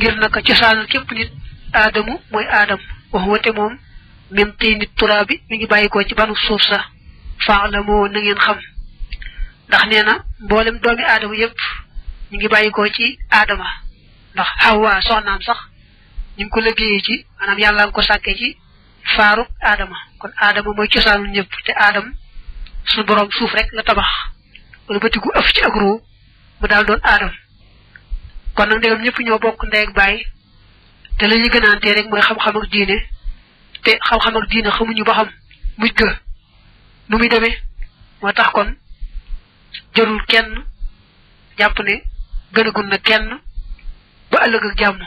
ngir naka cosaanal képp nit aadamu mooy aadam wax wate moom min tiini turaabi mi ngi bàyyikoo ci banu suuf sa faalamoo na ngeen xam ndax nee na mboolem doomi aadama yëpp ñu ngi bàyyikoo ci aadama ndax xawaa soxnaam sax ñu ngi ko liggéeyee ci maanaam yàlla nga ko sàkkee ci faaruk aadama kon aadama mooy cosaanu ñëpp te aadam suñu borom suuf rek la tabax wala batigu ëf ci ak ruu mu daal doon aadam kon nag ndegam ñëpp ñoo bokk ndey ak te lañuy ñu gënaantee rek mooy xam-xam ak diine te xam-xam ak diine xamuñu ba xam mujj ga nu muy demee moo tax kon jërul kenn jàpp ne gënagul na kenn ba ëllëg ak jàmm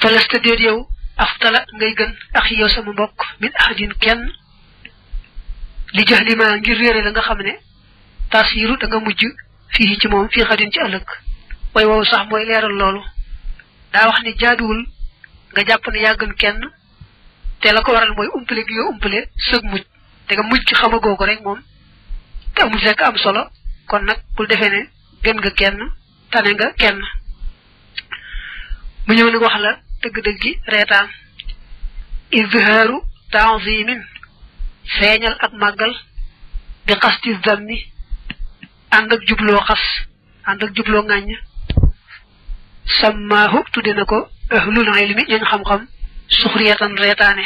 falasta déet yow aftala ngay gën ak yow sama mbokk min ahadin kenn li li limaa ngir réere la nga xam ne tas yiru nga mujj fii ci moom fii xadin ci ëllëg way wow sax mooy leeral loolu daa wax ni jaaduwul nga jàpp ne yàggan kenn te la ko waral mooy umple gi nga umpale sëg mujj te nga mujj xamagoo ko rek moom te amul fekk am solo kon nag bul defe ne gën nga kenn tane nga kenn mu ñëw nag wax la dëgg-dëgg gi reetaan izhaaru tanzimin feeñal ak màggal bi xasti zammi ànd ak jubloo xas ànd ak jubloo ŋàññ sammaahu tudde na ko ahlul ilmi ñañ xam-xam suxriyatan reetaane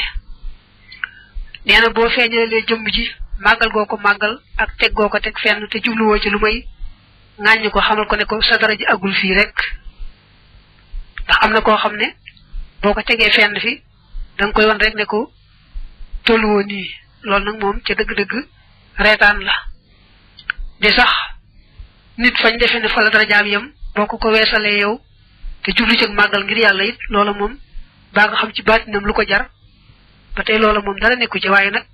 nee na boo feeñalee jëmm ji màggal goo ko màggal ak teg goo ko teg fenn te jubluwoo ci lu may ŋàññ ko xamal ko ne ko sa dara ji agul fii rek ndax am na koo xam ne boo ko tegee fenn fi da koy won rek ne ko tolluwoo nii loolu nag moom ca dëgg-dëgg reetaan la di sax nit fañ defe ne fa la dara jaam yam boo ko ko weesalee yow te jublu ci màggal ngir yàlla it loola moom baa nga xam ci baatinam lu ko jar ba tey loola moom dara nekku ci waaye nag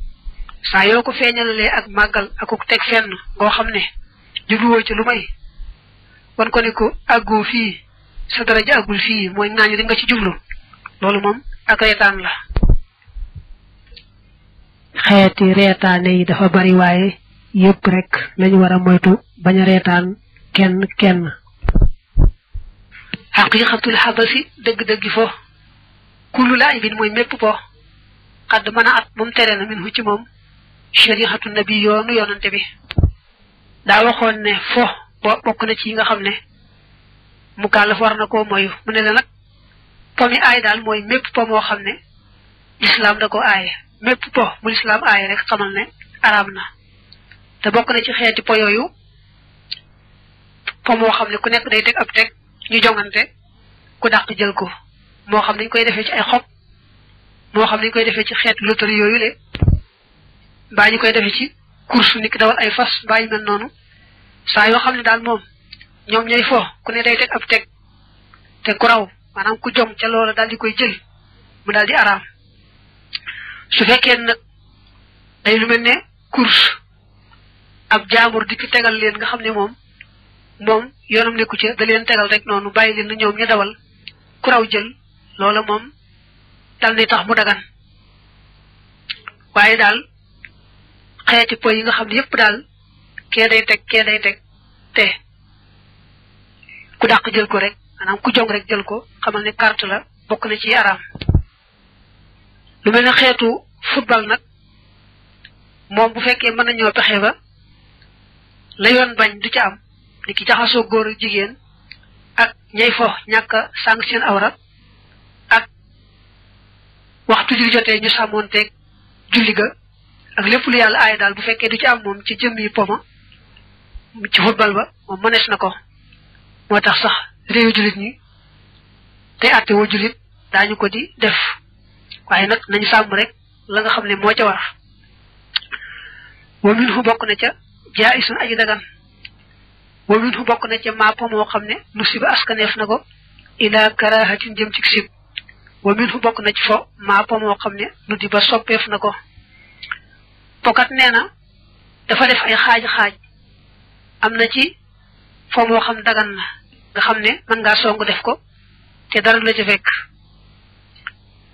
saa yoo ko feeñalalee ak màggal ak teg fenn ngoo xam ne jubluwoo ci lu may wan ko ne ko àggoo fii sa daraja àggul fii mooy ŋaañ di nga ci jublu loolu moom ak reetaan la xeeti reetaane yi dafa bari waaye yëpp rek lañu war a moytu bañ a ken kenn kenn xaqiqatul xabasi dëgg-dëggi fo kullu laay bin mooy mépp po xadd mën a at moom tere na min hu ci moom shari'atu nabi yoonu yoonante bi daa waxoon ne fo bo bokk na ci yi nga xam ne mu kàllaf war na koo moyu mu ne la nag po mi aay daal mooy mépp po xam ne lislaam da ko aaye mépp po mu lislaam aaye rek xamal ne araam na te bokk na ci xeeti po yooyu comme moo xam ne ku nekk day teg ab teg ñu jongante ku dàq jël ko moo xam dañ koy defee ci ay xob moo xam dañ koy defee ci xeet loterie yooyu le mbaa ñu koy defee ci course ni ki dawal ay fas mbaa ñu noonu saa yoo xam ne daal moom ñoom ñooy fo ku ne day teg ab teg te ku raw maanaam ku jom ca loola daal di koy jël mu daal di aram su fekkee nag day lu mel ne course ab jaamur di ki tegal leen nga xam ne moom moom yoonam nekku ca da leen tegal rek noonu bàyyi leen na ñoom ñu dawal ku raw jël loola moom dal ni tax mu dagan waaye daal xeeti po yi nga xam ne yëpp daal ke day teg kee day teg te ku dàq jël ko rek maanaam ku jong rek jël ko xamal ne carte la bokk na ci araam lu mel xeetu football nag moom bu fekkee mën na nañoo pexe ba la yoon bañ du ca am ni ki jaxasoo góor ak jigéen ak ñay fo ñàkk a seen awra ak waxtu julli jotee ñu sàmmoonteeg julli ga ak lépp lu yàlla aay daal bu fekkee du ci am moom ci jëmmi poma ci football ba moom mënees na ko moo tax sax réewu jullit ñi te àtte woo jullit daañu ko di def waaye nag nañu sàmm rek la nga xam ne moo ca war moom min fu bokk na ca jaa isun aji dagan wa min fu bokk na ca maapa moo xam ne musiba askaneef na ko ila karahatin jëm ci sib wa min fu bokk na ci fo maapa moo xam ne nu di ba soppeef na ko pokat nee na dafa def ay xaaj-xaaj am na ci fo moo xam dagan na xam ne mën ngaa song def ko te dara la ca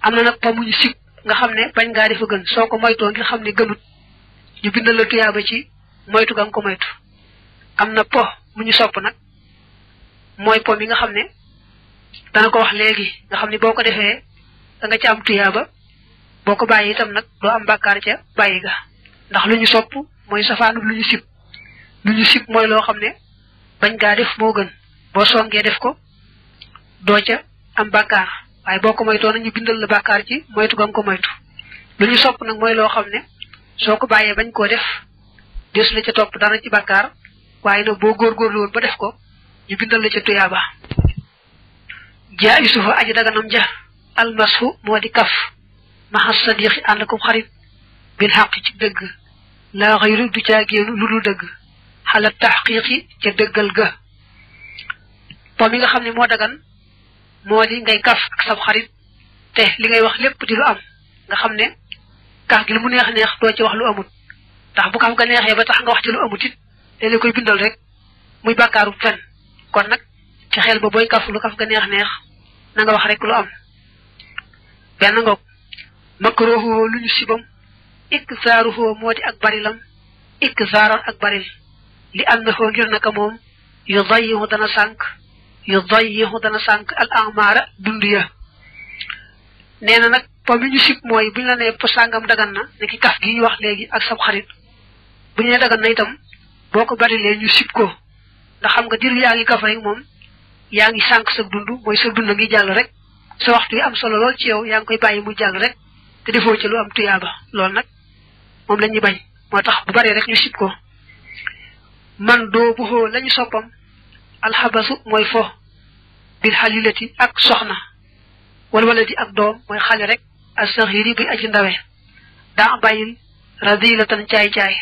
am na nag po muñu sib nga xam ne bañ ngaa defa gën soo ko moytoo ngir xam ne gënut ñu bindal la tuyaaba ci moytu ga nga ko moytu am na po mu ñu sopp nag mooy po mi nga xam ne dana ko wax léegi nga xam ne boo ko defee danga nga ci am ba boo ko bàyyi itam nag doo am bàkkaar ca bàyyi ga ndax lu ñu sopp mooy safaanub lu ñu sib ñu sib mooy loo xam ne bañ gaa def moo boo songee def ko doo ca am bàkkaar waaye boo ko moytoo nag ñu bindal la bàkkaar ci moytu ga ko moytu lu ñu sopp nag mooy loo xam ne soo ko bàyyee bañ koo def des la ca topp dara ci bàkkaar waaye nag boo góor woon ba def ko ñu bindal la ca tuyaaba jaa isufa aji daganam ja almasu moo di kaf maxa sadiq ànd ko xarit bil xaq ci dëgg laa xayru du caagéenu lu dul dëgg xala taxqiqi ca dëggal ga po mi nga xam ne moo dagan moo di ngay kaf ak sab xarit te li ngay wax lépp di lu am nga xam ne kaf gi lu mu neex neex doo ci wax lu amut ndax bu kaf nga neexee ba tax nga wax ci lu amut it dañu koy bindal rek muy bàkkaaru fen kon nag ci xel ba booy kaf lu kaf nga neex neex na wax rek lu am benn ngoog makruhu lu ñu sibam iksaaruhu moo di ak barilam iksaaran ak baril li am annahu ngir naka moom yu dayyihu dana sànq yu dayyihu dana sànq al amaara dund ya nee na nag po bi ñu sib mooy bu ñu la nee po sàngam dagan na ne ki kaf gi wax léegi ak sab xarit bu ñu nee dagan na itam boo ko barilee ñu sib ko ndax xam nga dir yaa ngi kafay moom yaa ngi sànq sa dund mooy sa dund ngi jàll rek sa waxtu yi am solo lool ci yow yaa ngi koy bàyyi mu jàll rek te defoo ci lu am tuyaaba loolu nag moom la ñuy bañ moo tax bu baree rek ñu sib ko man doo buxoo lañu soppam alxabasu mooy fo bil xalilati ak soxna walwalati ak doom mooy xale rek ak saxiiri bi aji ndawe daa bàyyil radilatan caay-caay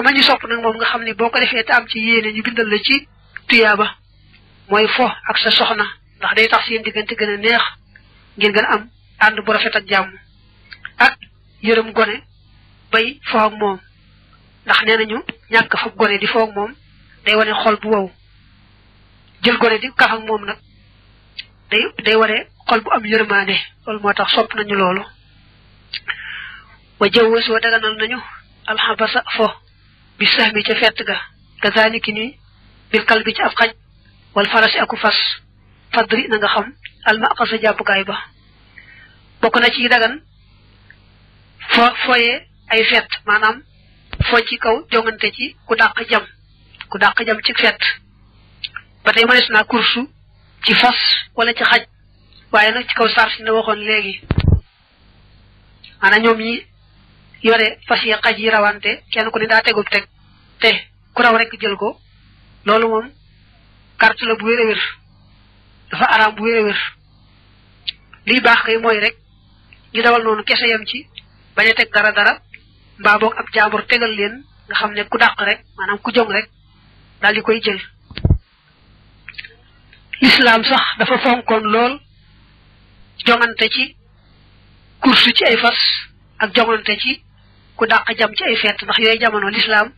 po a ñu sopp nag moom nga xam ne boo ko defee te am ci yéene ñu bindal na ci tuyaaba mooy fo ak sa soxna ndax day tax seen diggante gën a neex ngir gën am ànd boo rafet ak jàmm a yërëm gone bay fo ak moom ndax nee nañu ñàkk fa gone di fo moom day wane xol bu wow jël gone di kaf moom nag day day wane xol bu am yërmaande loolu moo tax sopp nañu loolu wa jawwës wa daganal nañu alxabasa fo bi sax mi ca fett ga kazaliki ni bil kal bi ci ab xaj wal farasi aku fas fadri na nga xam almaqasa jàppukaay ba bokk na ci dagan fo foye ay fet maanaam fo ci kaw jongante ci ku dàq jam ku dàq jam ci fet ba tey mënees naa kursu ci fas wala ci xaj waaye na ci kaw sar na waxoon léegi maanaam ñoom yore fas ya xaj yi rawante kenn ku ne daa tegub teg te ku raw rek jël ko loolu moom carte la bu wér a wér dafa araam bu wér a wér liy baax kay mooy rek ñu dawal noonu kese yam ci bañ a teg dara dara mbaa boog ab jaambur tegal leen nga xam ne ku dàq rek maanaam ku jong rek daal di koy jël lislaam sax dafa fonkoon lool jongante ci course ci ay fas ak jongante ci ku dàq jam ci ay fent ndax yooyu jamono lislaam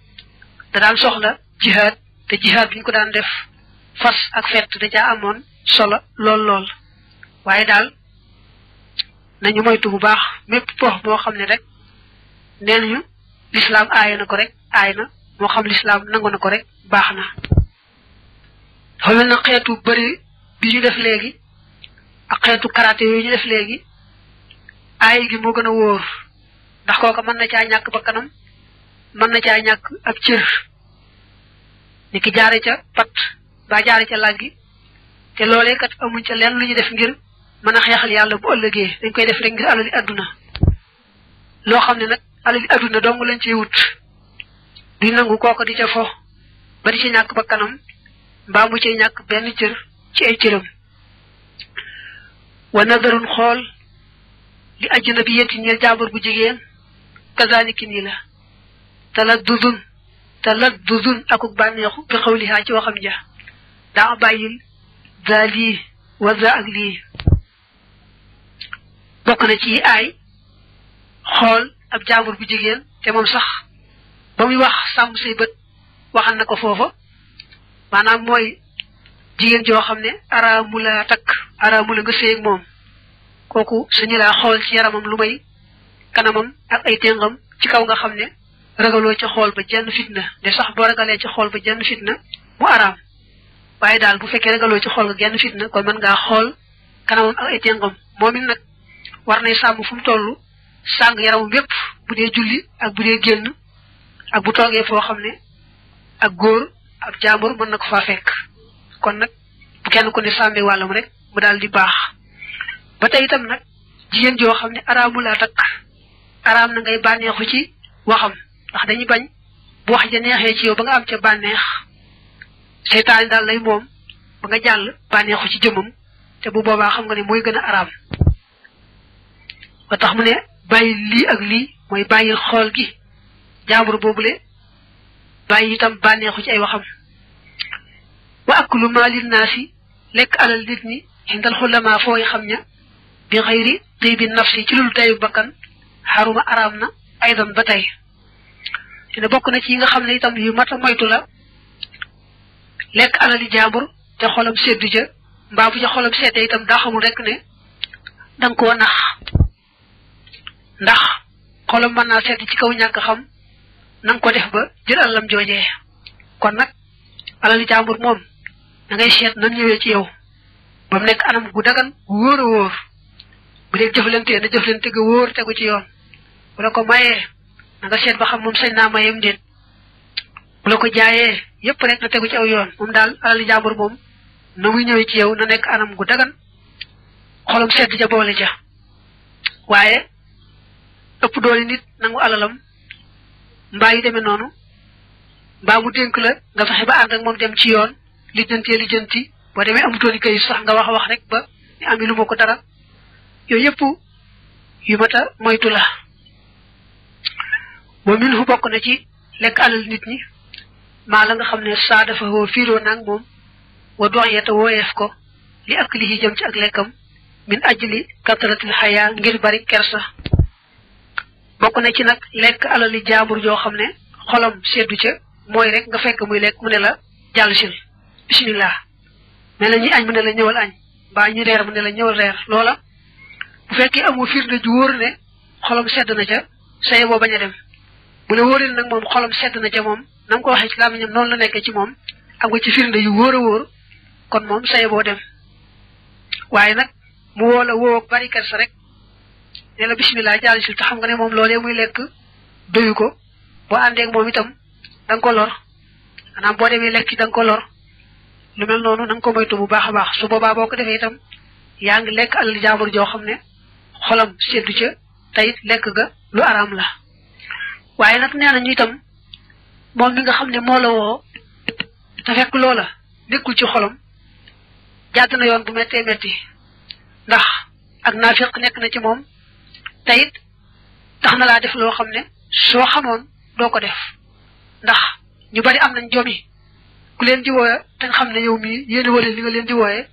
da daan soxla jihaad te jihaad bi ñu ko daan def fas ak fent da caa amoon solo lool lool waaye daal nañu moytu bu baax mépp pox moo xam ne rek nee nañu lislaam aay na ko rek aay na moo xam lislaam nangu na ko rek baax na xamel na xeetu bëri bi ñu def léegi a xeetu karaté yooyu def léegi ay gi moo gën a wóor ndax kooka mën na caa ñàkk bakkanam mën na caa ñàkk ab cër ni ki jaare ca pat ba jaare ca làggi te loolee kat amuñ ca lenn lu ñu def ngir mën a xeexal yàlla bu ëllëgee dañ koy def rek ngir alali adduna loo xam ne nag alali adduna dong lañ ci wut di nangu kooka di ca fo ba ci ñàkk ba mbaa mu ci ñàkk benn cër ci ay cëram wa nadarun xool li ajjuna bi yetti ñeel jaambur bu jigéen kazaliki nii la taladdudun taladdudun akuk bànneexu bi xawlihaa ci waxam ja daa bàyyil daa lii wa daa ak lii bokk na ci aay xool ab jaambur bu jigéen te moom sax ba muy wax sàmm say bët waxal na ko foofa maanaam mooy jigéen joo xam ne araamu la takk araamu la nga séy ak moom kooku suñu laa xool ci yaramam lu kanamam ak ay tengam ci kaw nga xam ne ragaloo ca xool ba jenn fitna de sax boo ragalee ci xool ba jenn fitna mu araam waaye daal bu fekkee ragaloo ci xool ga genn fitna kon mën ngaa xool kanamam ay téngam moom it nag war nay sàmm fu mu toll sàng yaramam yépp bu dee julli ak bu dee génn ak bu toogee foo xam ne ak góor ab jaambur mën na ko faa fekk kon nag bu kenn ku ne sàmmee wàllam rek mu daal di baax ba tey itam nag jigéen joo xam ne araamu laa takk araam na ngay bànneexu ci waxam ndax dañuy bañ bu wax ja neexee ci yow ba nga am ca bànneex seytaane daal lay moom ba nga jàll bànneexu ci jëmmam te bu boobaa xam nga ne mooy gën a araam ba tax mu ne bàyyi lii ak lii mooy bàyyil xool gi jaambur boobule bàyyi itam bànneexu ci ay waxam wa ak lu maalil naasi lekk alal nit ñi xindal xulamaa fooy xam ña bi xëyri tey bi nafsi ci lulu dayu bakkan xaruma araam na aydan ba tey te bokk na ci yi nga xam ne itam yu mat a moytu la lekk alali jaambur te xolam seddu ja mbaa bu ca xolam seddee itam daa xamul rek ne danga ndax xolam mën naa sedd ci kaw ñàkk xam nanga ko def ba jël alalam joojee kon nag alali jaambur moom da ngay seet nan ñëwee ci yow ba mu nekk anam gu dagan gu wóor a wóor bu dee jëflante na jëflante ga wóor tegu ci yoon bu la ko mayee na nga ba xam moom sañ naa mayem déet bu la ko jaayee yépp rek na tegu ci aw yoon moom daal alal jàmbur moom na muy ñëwee ci yow na nekk anam gu dagan xolom sedd ja boole ja waaye ëpp doole nit nangu alalam mbaa demee noonu mbaa mu dénk la nga fexe ba ànd ak moom dem ci yoon lijjantee lijanti boo demee amutooni kayit sax nga wax wax rek ba ñu am lu ma ko dara yooyu yëpp yu mat a moytu la wa min fu bokk na ci lekk alal nit ñi maa la nga xam ne saa dafa woo fiiroo moom wa dox yeta wooyeef ko li ak li ci jëm ci ak lekkam min ajli katratil xayaa ngir bari kersa bokk na ci nag lekk alali jaambur joo xam ne xolam seddu ca mooy rek nga fekk muy lekk mu ne la jàll sil bismillah ne la ñuy añ mu ne la ñëwal añ mbaa ñu reer mu ne la ñëwal reer loola bu fekkee amul firnde ju wóor ne xolam sedd na ca saye boo bañ a dem mu ne wóoree nag moom xolam sedd na ca moom na nga ko waxee ci làmmiñam noonu la nekkee ci moom am nga ci firnde yu wóor a wóor kon moom say boo dem waaye nag mu woo la woo bari kersa rek ne la bisimilah jaal si te xam nga ne moom loolee muy lekk doyu ko boo àndeek moom itam da ko lor maanaam boo demee lekk da nga ko lor lu mel noonu na nga ko moytu bu baax a baax su boobaa boo ko defee itam yaa ngi lekk alal jaabur joo xam ne xolam seddu ca tayit lekk ga lu araam la waaye nag nee nañu itam moom mi nga xam ne moo la woo te fekk loola nekkul ci xolam jàdd na yoon bu méttee métti ndax ak naafiq nekk na ci moom te tax na laa def loo xam ne soo xamoon doo ko def ndax ñu bari am nañ jomi ku leen di wooye xam ne yow mii yéen wala li nga leen di wooyee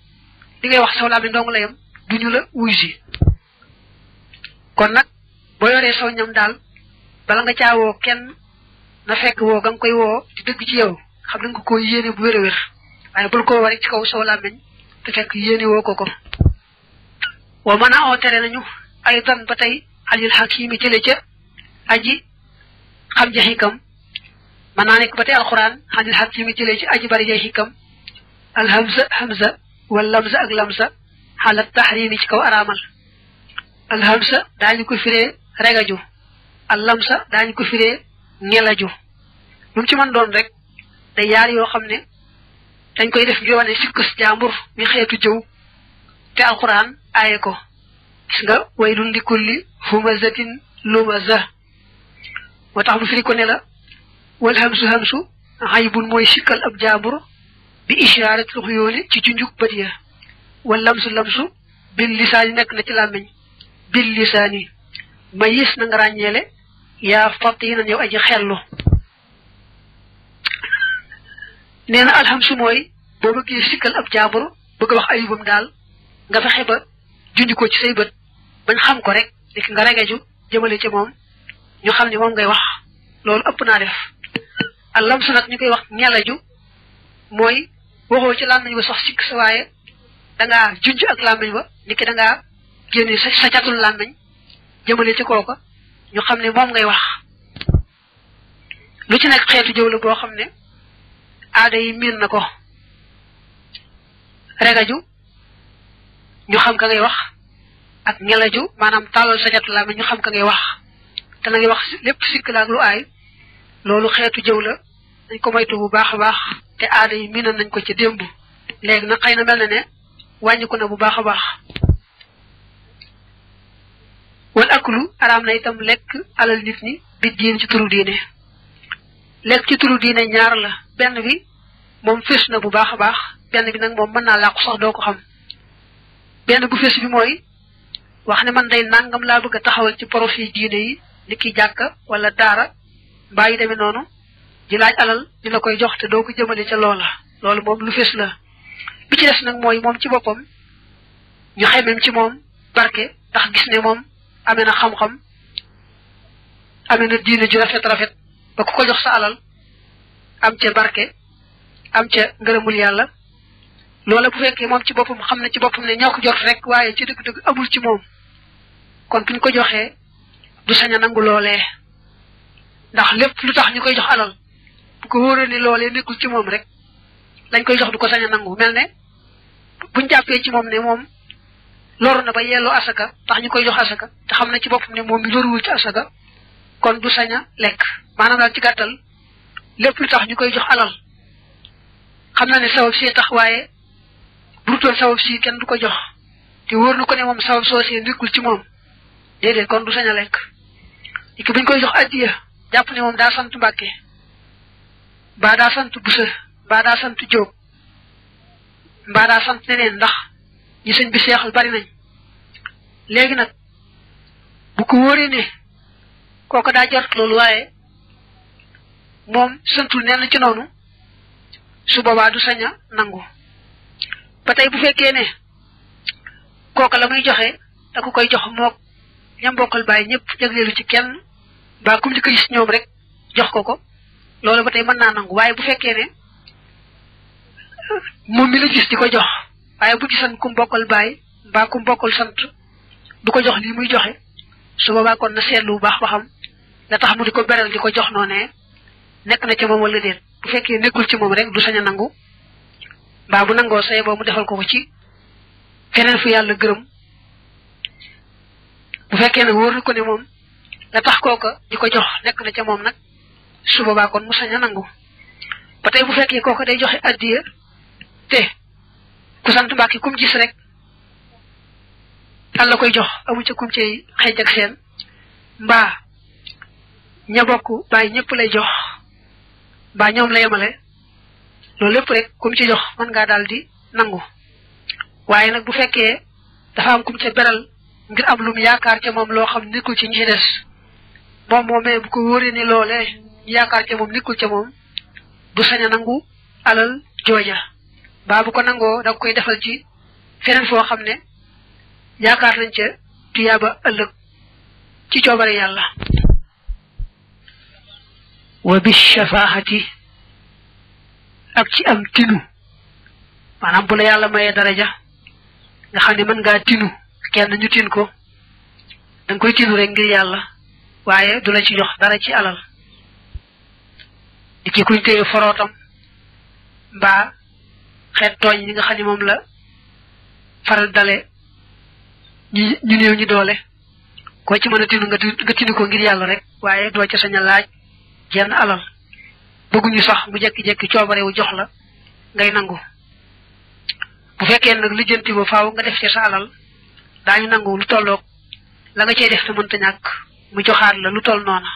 li ngay wax saw laa bi ndong la yam du ñu la wuy si kon nag boo yoree saw ñam daal bala nga caa woo kenn na fekk woo ga nga koy woo di dëgg ci yow xam na nga ko yéene bu wér a wér waaye bul ko woo ci kaw soo làmmiñ te fekk yéene wo ko ko wa mën a oo tere nañu ay dan ba tey alil xakiimi jële ca aji xam ja xikam naa nekk ba tey alxuraan alil xakiimi jële ci aji bari ja xikam alhamza wal lamza ak lamza xalat taxriimi ci kaw araamal alhamza daañu ko firee regaju allamsa daañu ko firee ngelaju lu mu ci mën doon rek day yaar yoo xam ne dañ koy def ngir wane sikkus jaambur mi xeetu jëw te alquran aaye ko gis nga waylun li kulli humazatin lumaza moo tax mu firi ko la wal hamsu hamsu xaybun mooy sikkal ab jaambur bi ishaarat lu xuyóoni ci junjuk bët wal lamsu lamsu bil lisaani nekk na ci làmmiñ bil lisaani mayis na nga ràññeele yaa fatinan yow aji xellu nee na alhamsi mooy boo bëggee ab jaambur bëgg wax ayubam daal nga fexe ba junj ko ci say bët bañ xam ko rek dik nga regeju jëmale ci moom ñu xam ne moom ngay wax loolu ëpp naa def allamsu nag ñu koy wax ñelaju mooy waxoo ci làmmiñ ba sax sikk sa waaye dangaa junj ak làmmiñ ba ni ki dangaa génne sa catul làmmiñ jëmale ci kooka ñu xam ne moom ngay wax lu ci nekk xeetu jëw la boo xam ne aada yi miin na ko regaju ñu xam ka ngay wax ak ngelaju maanaam tàllal sa la laa ñu xam ka ngay wax te na ngay wax lépp sikk la lu aay loolu xeetu jëw la dañ ko moytu bu baax a baax te aada yi miinal nañ ko ci démb léegi nag xëy na mel na ne wàññiku na bu baax a baax wal aklu araam na itam lekk alal nit ñi bi diin ci turu diine lekk ci turu diine ñaar la benn bi moom fés na bu baax a baax benn bi nag moom mën naa làqu sax doo ko xam benn bu fés bi mooy wax ne man day nangam laa bëgg a taxawal ci profit diine yi ni ki jàkka wala daara mbaa yi demee noonu di laaj alal di la koy jox te doo ko jëmale ca loola loolu moom lu fés la bi ci des nag mooy moom ci boppam ñu xemeem ci moom barke ndax gis ne moom amee na xam-xam amee na diine ju rafet rafet ba ku ko jox sa alal am ca barke am ca ngërëmul yàlla loola bu fekkee moom ci boppam xam ne ci boppam ne ñoo ko jot rek waaye ci dëgg-dëgg amul ci moom kon ki ko joxee du sañ nangu loole ndax lépp lu tax ñu koy jox alal bu ko wóoree ni loolee nekkul ci moom rek lañ koy jox du ko sañ a nangu mel ne buñ jàppee ci moom ne moom loru na ba yelloo asaka tax ñu koy jox asaka te xam na ci boppam ne moom mi loruwul ci asaka kon du sañ a lekk maanaam daal ci gàttal lépp lu tax ñu koy jox alal xam na ne sabab si tax waaye bu dutoon sabab si kenn du ko jox te wóor ko ne moom sabab soo see nekkul ci moom déedéet kon du sañ a lekk ki buñ koy jox addiya jàpp ne moom daa sant Mbàkke mbaa daa sant Busa mbaa daa sant Jóob mbaa daa sant neneen ndax ñi sëñ bi seexal bari nañ léegi nag bu ko wóoree ne kooku daa jort loolu waaye moom santul nenn ci noonu su boobaa du sañ a nangu ba tey bu fekkee ne kooka la muy joxe da koy jox mook ñam bokkal bàyyi ñëpp jagleelu ci kenn ba kum li ko gis ñoom rek jox ko ko loolu ba tey mën naa nangu waaye bu fekkee ne moom mi la gis di ko jox waaye bu gisoon ku mbokkal baay mbaa ku mbokkal sant du ko jox lii muy joxe su boobaa na seetlu lu baax ba xam la tax mu di ko beral di ko jox noonee nekk na ca moom wala déet bu fekkee nekkul ci moom rek du sañ a nangu bu nangoo saye boo defal ko ko ci feneen fu yàlla gërëm bu fekkee ne wóor na ko ne moom la tax kooka di ko jox nekk na ca moom nag su boobaa kon mu sañ a nangu ba tey bu fekkee kooka day joxe addiya te ku sant Mbàkke kum gis rek yàlla koy jox amu ca kum cay xëj ak seen mbaa ña bokk bàyyi ñëpp lay jox mbaa ñoom la yemale loolu lépp rek kum ci jox mën ngaa daal di nangu waaye nag bu fekkee dafa am kum ca beral ngir am lu mu yaakaar ca moom loo xam nekkul ci ñi ci des moom moomee bu ko wóoree ni loolee ñu yaakaar ca moom nekkul ca moom du sañ a nangu alal jooja baa bu ko nangoo da koy defal ci feneen foo xam ne yaakaar nañ ca tuyaaba ëllëg ci coobare yàlla wa bi shafaahati ak ci am tinu maanaam bu la yàlla mayee daraja nga xam ne mën ngaa tinu kenn ñu tin ko da koy tinu rek ngir yàlla waaye du la ci jox dara ci alal di ki kuñ téye forootam xeet tooñ yi nga xam ne moom la faral dale ñu ñu néew ñu doole koo ci mën a tinu nga tinu ko ngir yàlla rek waaye doo ca sañ a laaj jenn alal bëgguñu sax mu jekki-jekki coobare wu jox la ngay nangu bu fekkee nag lijjanti ba faaw nga def ci sa alal daañu nangu lu tollook la nga cey def te mënta ñàkk mu joxaat la lu toll noona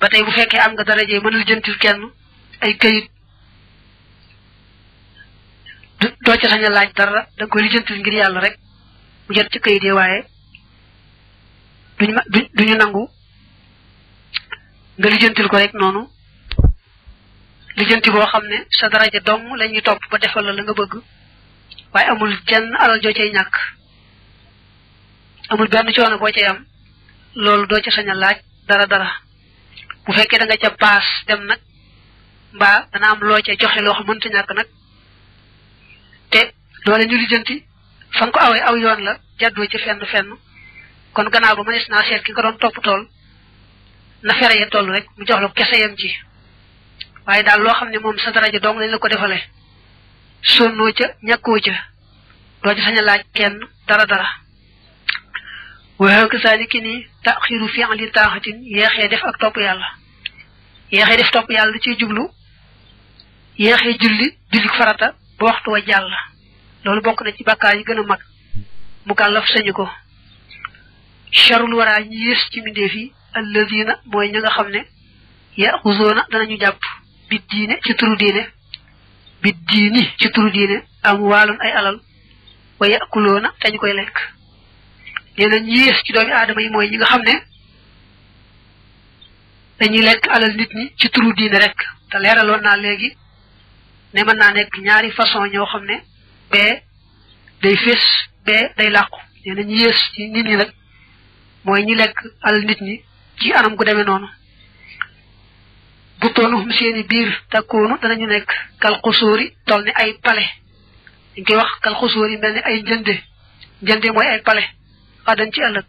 ba tey bu fekkee am nga daraje mën lijjantil kenn ay këyit doo ca sañ a laaj dara da koy lijjantil ngir yàlla rek mu jot ci kayit yi waaye duñu ma nangu nga lijjantil ko rek noonu lijjanti boo xam ne sa daraja dong la ñuy topp ba defal la la nga bëgg waaye amul jenn alal joo cay ñàkk amul benn coono boo cay am loolu doo ca sañ a laaj dara dara bu fekkee da ca paas dem nag mbaa dana am loo ca joxe loo xam mënta ñàkk nag loole ñu lijjanti fa ko awee aw yoon la jàddoo ci fenn fenn kon gannaaw ba mënees naa seet ki nga doon topp tool na fere ya toll rek mu jox la kese yam ci waaye daal loo xam ne moom sa daraja dong lañ la ko defale sonnoo ca ñàkkoo ca doo ci sañ a laaj kenn dara dara waaye kasaaliki nii xiiru fi li taaxatin yeexee def ak topp yàlla yeexee def topp yàlla lu ciy jublu yeexee julli julli farata ba waxtu wa jàll loolu bokk na ci bàkkaar yi gën a mag mu kàllaf sañu ko charul waraa ñu yées ci mbindeef yi alladina mooy ña nga xam ne yaxuzoona danañu jàpp bi ci turu diine bi diini ci turu diine am waaloon ay alal wa yakuloona te ñu koy lekk nee na ci doomi aadama yi mooy ñi nga xam ne dañuy lekk alal nit ñi ci turu diine rek te leeraloon naa léegi ne mën naa nekk ñaari façon ñoo xam ne bee day fés bee day làqu nee na ñu yées ci nit ñi nag mooy ñi lekk alal nit ñi ci anam gu demee noonu bu butoonu seeni biir takkoonu danañu nekk kal xusóori toll ni ay pale dañ koy wax kal xusóori mel ni ay njënde njënde mooy ay pale xadan ci ëllëg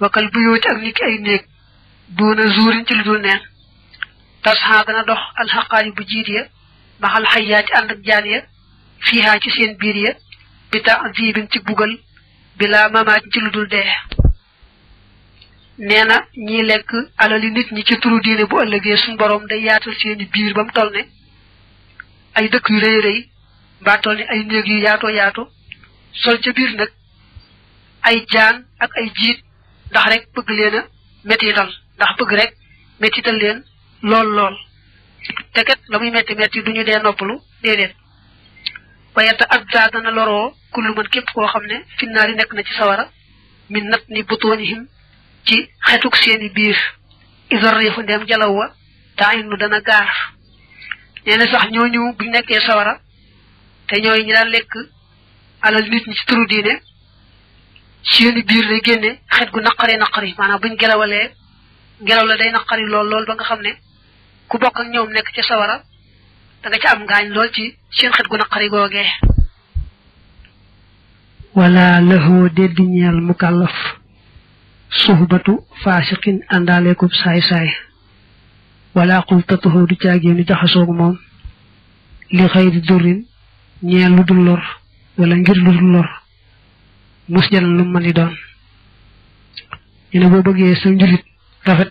wakal bu yooti ak ay néeg duuna zuurin ci lu dul neen tas xaa gën dox alxaqaani bu jiit ya maxal xayaati ànd ak jaan ya fiihaa ci seen biir ya bi taadibin ci bugal bilaa mamaat ci lu dul dee nee na ñiy lekk alali nit ñi ci turu diine bu ëllëgee suñu boroom day yaatal seeni biir ba mu toll ne ay dëkk yu rëy rëy mbaa toll ne ay néeg yu yaato yaato sol ca biir nag ay jaan ak ay jiit ndax rek bëgg leen a mettital ndax bëgg rek mettital leen lool lool te kat la muy metti metti du ñu dee noppalu déedéet wayata adda dana loroo kullu man képp koo xam ne finnaari nekk na ci sawara min nat ni butoonihim ci xetuk seeni biir isar riifu ndeem jalaw wa taayinu dana gaar nee na sax ñooñu buñ nekkee sawara te ñooy ñi daan lekk alal nit ñi ci turu seeni biir lay génne xet gu naqare naqari maanaam buñ gelawalee ngelaw la day naqari lool lool ba nga xam ne ku bokk ak ñoom nekk ci sawara da nga am ngaañ lool ci seen xet gu naqari googee wala lëxoo deddi ñeel mukallaf suhbatu faasiqin àndaaleekub saay-saay wala xultatuhu du caagéen di jaxasoog moom li xëy di durin ñeel lor wala ngir lu dul lor mus jalan lu mën di doon ñu ne boo bëggee sa njulit rafet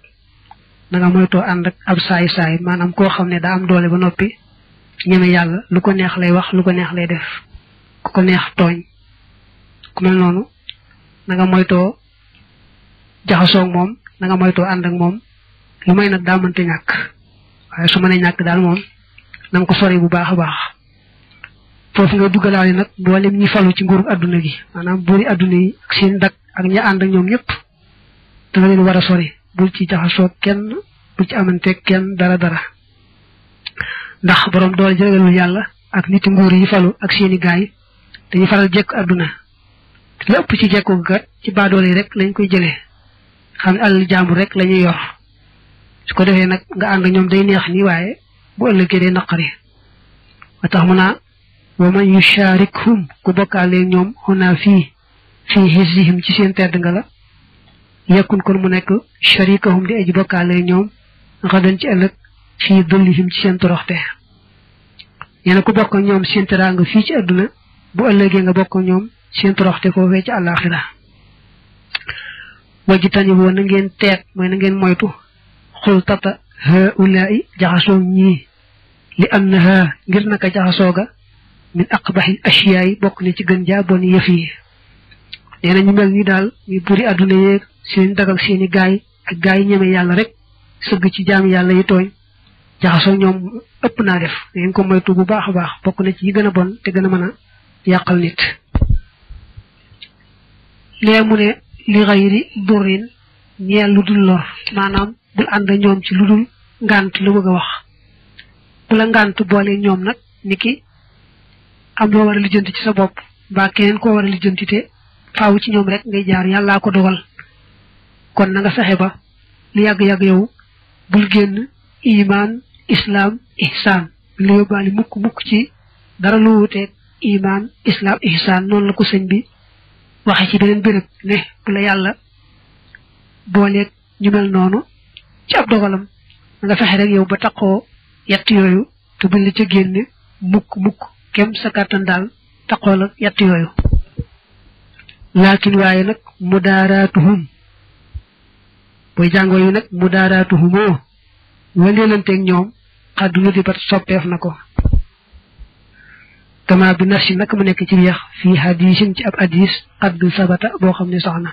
da nga ànd ak ab saay-saay maanaam koo xam ne daa am doole ba noppi ñeme yàlla lu ko neex lay wax lu ko neex lay def ku ko neex tooñ ku mel noonu na moytoo jaxasoo ak moom na nga moytoo ànd ak moom lu may nag daa mënta ñàkk waaye su mënee ñàkk daal moom na nga ko sori bu baax a baax foofu nga duggalaale nag mboolem ñi falu ci nguurug adduna gi maanaam buuri àdduna yi ak seen dak ak ña ñoom ñëpp da nga leen war a sori bul ci jaxasoo kenn bul ci amanteeg kenn dara dara. ndax borom doole ji ragalul yàlla ak nit nguur yi falu ak seeni gaay dañuy faral jekk àdduna ëpp ci jekku kat ci baadoole yi rek lañ koy jëlee xam ne alal jàmbur rek la ñuy yor su ko defee nag nga ànd ñoom day neex ni waaye bu ëllëgee day naqari ba tax mu naa wa man yusharikhum ku bokkaale ñoom xonaa fii fii hizihim ci seen tedd nga la yekkun kon mu nekk sharikahum di aji bokkaale ñoom nga doon ci ëllëg fii dullihim ci seen toroxte nee ku bokk ñoom seen teraanga fii ci àdduna bu ëllëgee nga bokk ñoom seen toroxte foofee ci àllaaxira wajji tani boo na ngeen teet mooy na ngeen moytu xul tata haulaai jaxasoo ñii li annaha ngir naka jaxasooga min aqbaxi yi bokk ne ci gën jaa bon yëf yi nee na ñu mel ni daal ñu buri àdduna yéeg seen dagak seeni gaay ak gaay ñeme yàlla rek sëgg ci jaam yàlla yi tooñ jaxasoo ñoom ëpp naa def ngeen ko moytu bu baax a baax bokk na ci yi gën a bon te gën a mën a yàqal nit lee mu ne li xayri durin ñeel lu dul lor maanaam bul ànd ñoom ci lu dul ngànt lu bëgg a wax bu la ngànt boole ñoom nag ni ki am loo war lijjanti ci sa bopp mbaa keneen koo war lijjanti te faaw ci ñoom rek ngay jaar yàllaa ko dogal kon na saxe ba lu yàgg-yàgg yow bul génn imaan islaam ihsaan lu yóbbaale mukk mukk ci dara lu wuteeg imaan islaam ihsaan noonu la ko sëñ bi waxe ci beneen béréb ne bu la yàlla booleeg ñu mel noonu ci ab dogalam nga fexe yow ba taqoo yett yooyu te buñ la ca génne mukk mukk kem sa kàttan daal taqoo la yett yooyu laakin waaye nag mudaaraatuhum booy jàngoo yi nag mudaaraatuhumoo wëndeelanteeg ñoom xadd wudibat soppeef na ko kama bi naf si nag mu nekk ci yax fii hadisin ci ab hadis xaddu sabata boo xam ne soxna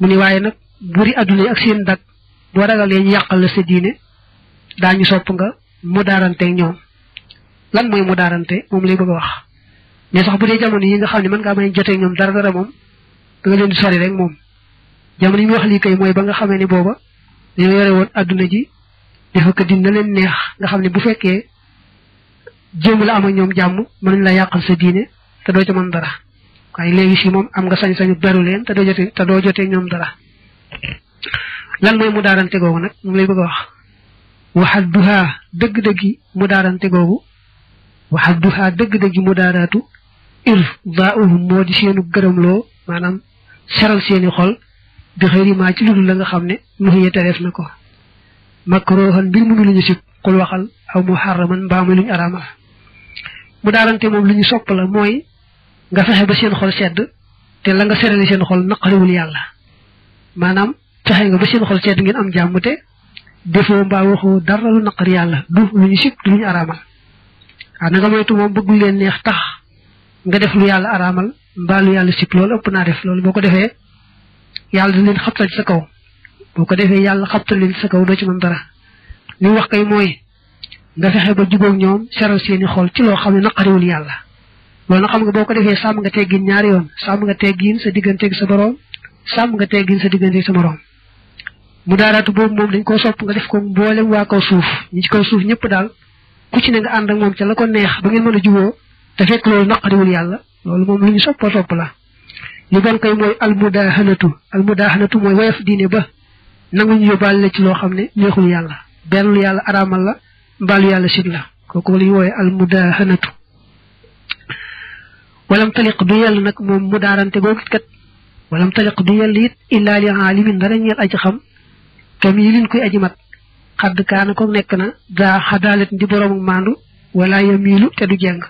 mu ne waaye nag buri adduna yi ak seen dag boo ragalee ñu yàqal la sa diine ñu sopp nga mu daarante ñoom lan mooy mu daarante moom lay bëgg a wax mais sax bu dee jamono yi nga xam ne mën ngaa may jotee ñoom dara dara moom da nga leen di sori rek moom jamono yi mu wax lii kay mooy ba nga xamee ni booba dañoo yore woon adduna ji dafa ko dina leen neex nga xam ne bu fekkee jéem la am ak ñoom jàmm mënuñ la yàqal sa diine te doo ca dara waaye léegi si moom am nga sañ-sañu beru leen te doo jotee te jotee ñoom dara lan mooy mu daarante googu nag mu lay bëgg a wax waxat duhaa dëgg-dëggi mu daarante googu waxat duhaa mu daaraatu ba uhum moo di seenu gërëmloo maanaam seral seeni xol bi xëy maa ci ludul la nga xam ne lu xëyee tereef na ko makruhan mbir mu ñu lu ñu sib xul waxal aw muharraman mbaa muy lu ñu araama mu daarante moom lu ñu sopp la mooy nga fexe ba seen xol sedd te la nga serale seen xol naqariwul yàlla maanaam fexe nga ba seen xol sedd ngeen am jàmm te defoo mbaa waxoo dara lu naqari yàlla du lu ñu sib du lu araamal waaw na nga moytu moom bëggul leen neex tax nga def lu yàlla araamal mbaa lu yàlla sib loolu ëpp naa def loolu boo ko defee yàlla dina leen xabtal sa kaw boo ko defee yàlla xabtalil sa kaw doo ci mën dara li wax kay mooy nga fexe ba jubóog ñoom seral seeni xol ci loo xam ne naqariwul yàlla loolu na xam nga ko defee sàmm nga teggin ñaari yoon sàmm nga teggin sa digganteeg sa boroom sàmm nga teggin sa digganteeg sa boroom mu daaraatu boobu moom dañ koo sopp nga def ko mboolem waa kaw suuf ñi ci kaw suuf ñëpp daal ku ci ne nga ànd ak moom neex ba ngeen mën a juboo te fekk loolu naqariwul yàlla loolu moom lu ñu soppa sopp la li bon kay mooy almudahanatu almudahanatu mooy woyof diine ba nanguñu yóbbaale la ci loo xam ne neexul yàlla benn lu yàlla araamal la mbaalu yàlla sig la kooku la ñuy wooye al mudahanatu du yell nag moom mu daarante googu kat walam taliq du yell it illaa li aalimin dara ñeel aji xam kam yi lin aji mat xadd kaana ko nekk na daa xadaalet di boroomu maandu wala yamiilu te du jeng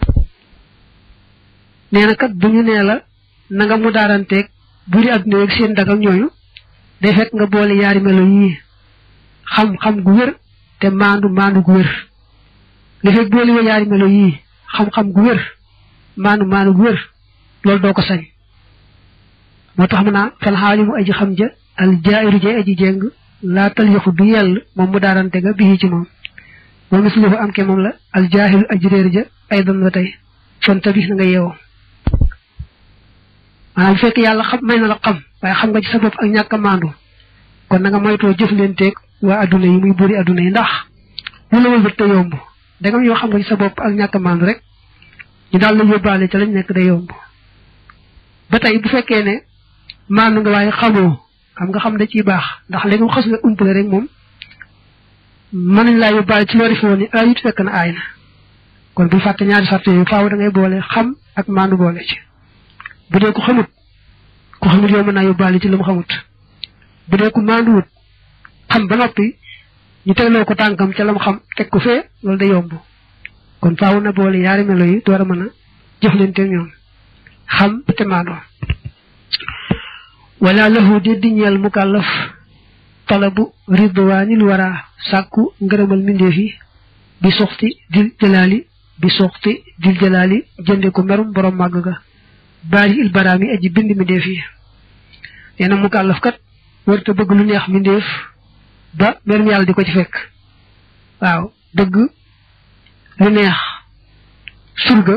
nee bu ñu nee la na mu daaranteeg buri adduna yeeg seen dagam ñooñu day nga boole yaari melo yii xam-xam gu wér te maandu maandu gu wér day boole yaari melo yii xam-xam gu wér maandu maandu gu wér loolu doo ko sañ moo tax mu naa fal xaalimu aji xam ja al jaayiru ja aji jéng laatal yoxu du yell moom mu daarante ga bii ci moom moom mislihu am ke la al jaahilu aji réer ja ay doon ba fon tabis na nga yeewoo maanaam fekk yàlla xam may na la xam waaye xam nga ci sa bopp ak ñàkk a maandu kon na nga moytoo jëflanteeg waa adduna yi muy buri adduna yi ndax lu la wëlbat te yomb xam nga sa bopp ak ñàkk a rek ñu daal la yóbbaale ca lañ nekk day yomb ba tey bu fekkee ne maandu nga waaye xamoo xam nga xam da ci baax ndax léegi mu xas nga umpale rek moom mën nañ laa yóbbaale ci loolu fi yi ni ayut fekk na aay na kon bul fàtte ñaari sart yooyu faaw da ngay boole xam ak maandu boole ci. bu dee ku xamut ku xamut yow mën naa yóbbaale ci la mu xamut bu dee ku maanduwut xam ba noppi ñu tegloo ko tànkam ca la mu xam teg ko fee loolu day yomb kon faaw na boole yaari melo yi door a mën a jëflanteeg ñoom xam te maandoo wala lahu déddi ñeel mukallaf talabu ridwaanil wara sàkku ngërëmal mbindeef bi soxti dil jalaali bi soxti dil jalaali jënde ko merum borom màgg ga baari il baraam yi aji bind mbindeef yi nee na mu kàllaf kat warta bëgg lu neex mbindeef ba merum yàlla di ko ci fekk waaw dëgg lu neex surga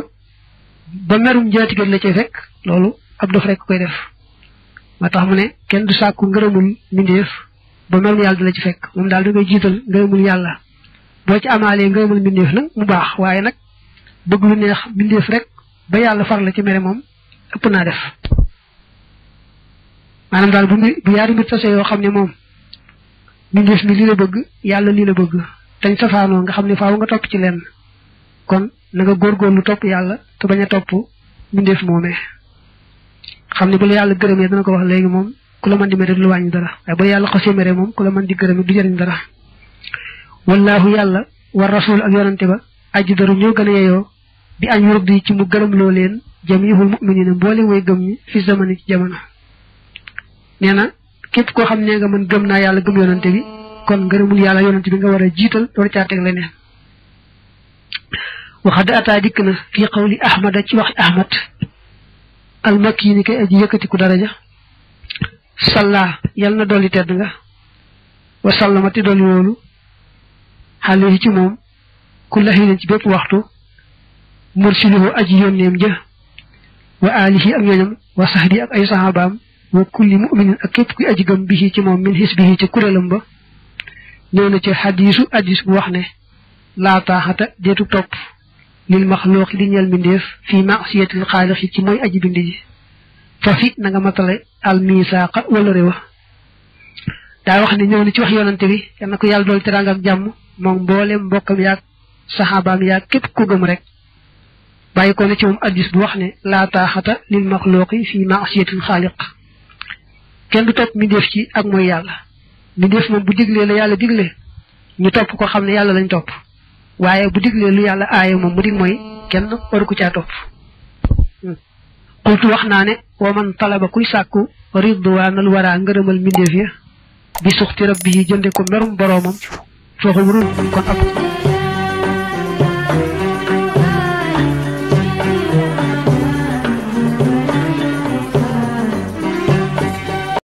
ba merum njaatige la ci fekk loolu ab dof rekk koy def moo tax mu ne kenn du sàkku ngërëmul mbindeef ba merum yàlla di la ci fekk moom daal da jiital ngërëmul yàlla boo ci amaalee ngërëmul mbindeef nag mu baax waaye nag bëgg lu neex mbindeef rek ba yàlla far la ci mere moom ëpp naa def maanaam daal bu muy bu yaari mbir tase yoo xam ne moom mbindeef mi lii la bëgg yàlla lii la bëgg tañ safaanoo nga xam ne faaw nga topp ci lenn kon na nga góorgóorlu topp yàlla te bañ a topp mbindeef moomee xam ne bu la yàlla gërëmee dana ko wax léegi moom ku la mën di mere du wàññi dara waaye bu yàlla xosee mere moom ku la mën di gërëmee du jëriñ dara wallaahu yàlla war rasul ak yonante ba aji daru ñoo gën a yeyoo bi añ yurub leen jamihul mu'minina mboole way gëm ñi fi zamani ci jamono nee na képp koo xam ne nga mën gëm naa yàlla gëm yonante bi kon ngërëmul yàlla yonante bi nga war a jiital door caa teg leneen waxad ataa dikk na fii qawli ahmada ci wax ahmad almakki ni kay aji yëkkatiku daraja salla yal na dolli tedd nga wa sallamati dolli woolu xale yi ci moom ku laxi ci bépp waxtu mursilihu aji yónneem ja wa alihi ak ñoñam wa sahbi ak ay sahabaam wa kulli muminin ak képp kuy aji bihi ci moom min hisbihi ci kuréelam ba ñëw na ci xadiisu addis bu wax ne laa taaxata deetu topp lil maxluuq li ñeel mbindeef fii masiyatil xaaliq yi ci mooy aji bind ji fa fi na nga matale al misaaqa wala réewa daa wax ne ñëw na ci wax yonante bi kenn ku yàlla dool teraanga ak jàmm moom mboolem mbokkam yaag saxaabaam yaag képp ku gëm rek bàyyi ko na ci moom addis bu wax ne laa taaxata lil maxluqi fi maasiyatil xaaliq kenn du topp mi def ci ak mooy yàlla mi def moom bu diglee la yàlla diglee ñu topp ko xam ne yàlla lañ topp waaye bu diglee lu yàlla aaye moom mu dig mooy kenn waru ko caa topp xultu wax naa ne wa man talaba kuy sàkku ridwaanal waraa ngërëmal mbindeef ya bi suxti rabbi yi jënde ko merum boroomam fooxul run kon ab